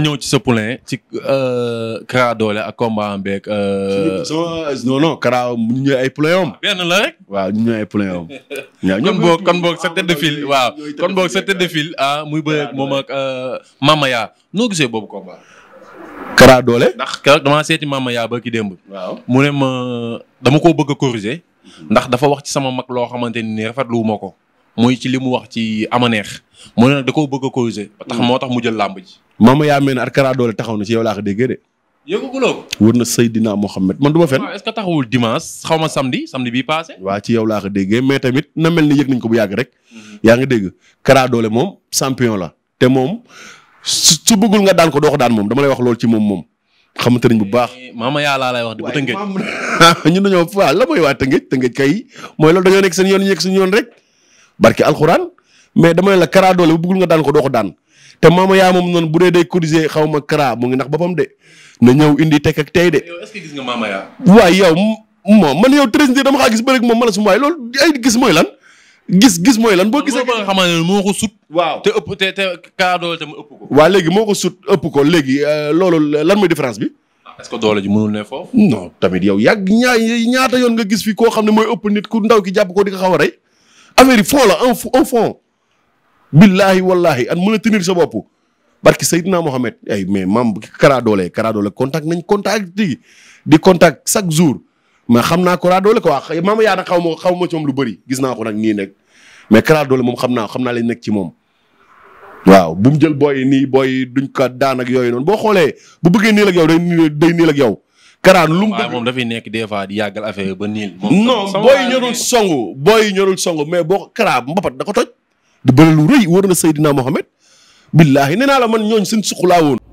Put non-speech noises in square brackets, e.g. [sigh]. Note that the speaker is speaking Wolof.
ñëw ci sa poulain ci euh, Kara Dollé ak combat am beeg. Euh, non non Kara ñu ñëw ay poulain am. la waaw ñu ñëw ay poulain am. [laughs] kon boog kon sa tête de file kon boog sa tête de muy bëreeg moom ak euh, Mama Yaa noo gisee boobu combat. Kara Dollé. ndax keroog damaa seeti Mama Yaa ba ki démb. waaw mu ne ma dama ko bëgg a mhm. ndax dafa wax ci sama mag loo xamante ni rafetlu ma ko. muy ci li mu wax ci amaneex mu ne nag da koo bëgg a corriger. tax mhm. moo tax mu jël làmb ji. maama yaa mel ne Alkara doole taxaw na ci yow laa ko déggee de. yëgaguloo ko. wër na man du ma fen. est-ce taxawul dimanche xaw ma samedi samedi bii passé. waaw ci yow laa ko déggee mais tamit na mel ni yëg nañ ko bu yàgg rek. yaa ngi dégg Kara Dollé moom champion la te moom su bëggul nga daan ko doo ko daan moom dama lay wax loolu ci moom moom. xamante bu baax. maama yaa laa lay wax di bu tëngëj [laughs] la mooy waa tëngëj tëngëj kay mooy loolu dañoo yoon ñu nekk yoon rek barke alxuraan mais dama la Kara bu bëggul nga daan ko doo ko daan te maama yaa moom noonu bu dee day cotiser xaw ma CRA mu ngi nax boppam de na ñëw indi tekk ak tey de. yow est gis nga maama yaa. waaw yow moom man yow Treize Ndiaye dama xaa gis bëri moom ma su ma waay loolu gis mooy lan. gis gis mooy lan boo gisee ba nga xamante ne moo ko sut. waaw te ëpp te te kaa doole léegi moo ko sut ëpp ko léegi euh, loolu lan mooy différence bi. Ah, est que doole ji mënul ne foofu. non tamit yow yàgg ñaa ñaata yoon nga gis fi koo xam ne mooy ëpp nit ku ndaw ki jàpp ko di xaw a rey affaire yi fond la un fond billaahi wallaahi an mën a tenir sa bopp barki naa Mohamed ay mais maam Kara Dollé Kara Dollé contact nañ contact di di contact chaque jour mais xam naa Kara Dollé quoi maama yaa na xaw ma xaw ma ci moom lu bari gis naa ko nag nii nekk mais Kara Dollé moom xam naa xam naa lañ nekk ci moom. waaw bu mu jël booy nii booy duñ ka daan ak yooyu noonu boo xoolee bu bëggee niil ak yow day day niil ak yow. Kara lu mu dafay nekk des fois di yàggal affaire ba niil. moom non booy ñorul songu booy ñorul songu mais boo Kara mbapat da ko toj. di bële lu rëy wër na Seydina Mohamed billaahi nee naa la man ñooñ seen suqlaa woon.